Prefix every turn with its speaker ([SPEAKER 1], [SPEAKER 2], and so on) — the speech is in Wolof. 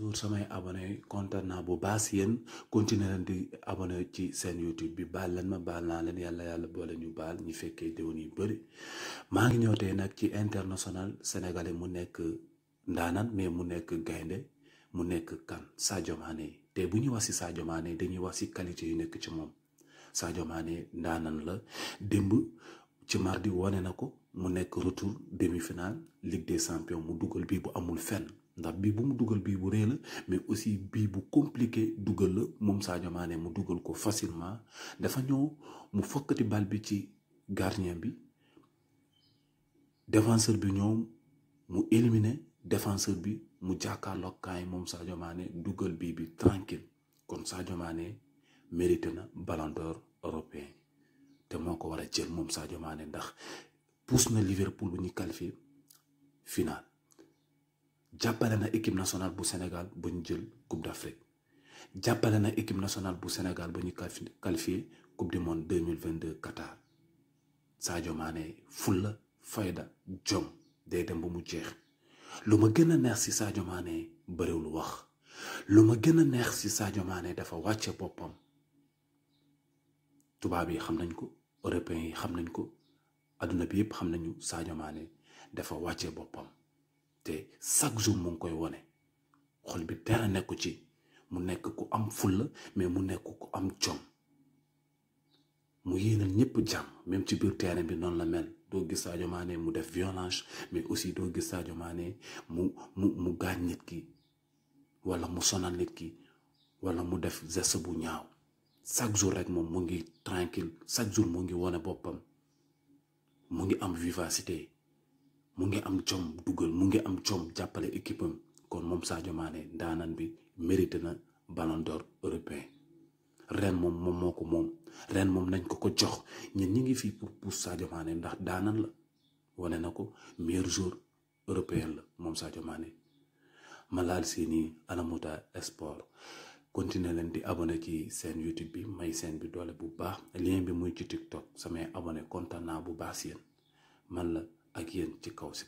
[SPEAKER 1] toujours samay abonné kontaan naa bu baax si yéen continuer leen di abonné ci seen YouTube bi bal lan ma bal naa leen yalla yàlla boole ñu bal ñu fekkee déwén yu bëri ngi ñëw nak ci international sénégalais mu nekk ndanan mais mu nekk gaynde mu nekk kan Sadio Mané té bu wax si Sadio Mané dañuy wax si qualité yu nekk ci mom Sadio Mané ndanan la demb ci mardi wane nako mu nekk retour demi-finale Ligue des Champions mu duggal bi bu amul fenn ndax bii bu mu dugal bu rëy mais aussi bii bu compliqué dugal la moom Sadio Mané mu dugal ko facilement dafa ñëw mu fokkati bal bi ci gardien bi défenseur bi ñëw mu éliminé défenseur bi mu jàkkaarloog kaay moom Sadio Mané dugal bii bi tranquille comme Sadio Mané mérité na Ballon d'Or européen te moo ko war a jël moom Sadio Mané ndax pousse na Liverpool bu ñu final. jàppale na équipe nationale bu Sénégal ba ñu jël coupe d'Afrique jàppale na équipe nationale bu Sénégal ba ñu qualifié coupe du monde deux mille vingt deux Qatar Sadio Mané fulla fayda jom day dem ba mu jeex lu ma gën a neex si Sadio Mané bëriwul wax lu ma gën a neex si Sadio Mané dafa wàcce boppam tubaab yi xam nañ ko européens yi xam nañ ko àdduna bi yëpp xam nañu Sadio Mané dafa wàcce boppam. te chaque jour mu ngi koy wone xol bi dara nekku ci mu nekk ku am fulla mais mu nekk ku am jom mu yéenal ñëpp jàmm même ci biir terrain bi noonu la mel doo gis Sadio Mané mu def violence mais aussi doo gis Sadio Mané mu mu mu gaañ nit ki walla mu sonal nit ki wala mu def geste bu ñaaw chaque jour rek moom mu ngi tranquille chaque jour mu ngi wone boppam mu ngi am vivacité mu ngi am jom dugal mu ngi am jom équipe kon moom Sadio Mané danan bi mérité na ballon d'or européen ren mom moom moko ko ren mom nañ ko ko jox ñun ñi ngi fii pour pour Sadio Mané ndax daanan la wane na ko meilleur joueur européen la moom Sadio Mané malal laal seeni Sport continuer leen di abonné ci sen youtube bi may seen bi doole bu baax lien bi muy ci tiktok samay abonné kontaan na bu baax si man la ak yéen ci kaw si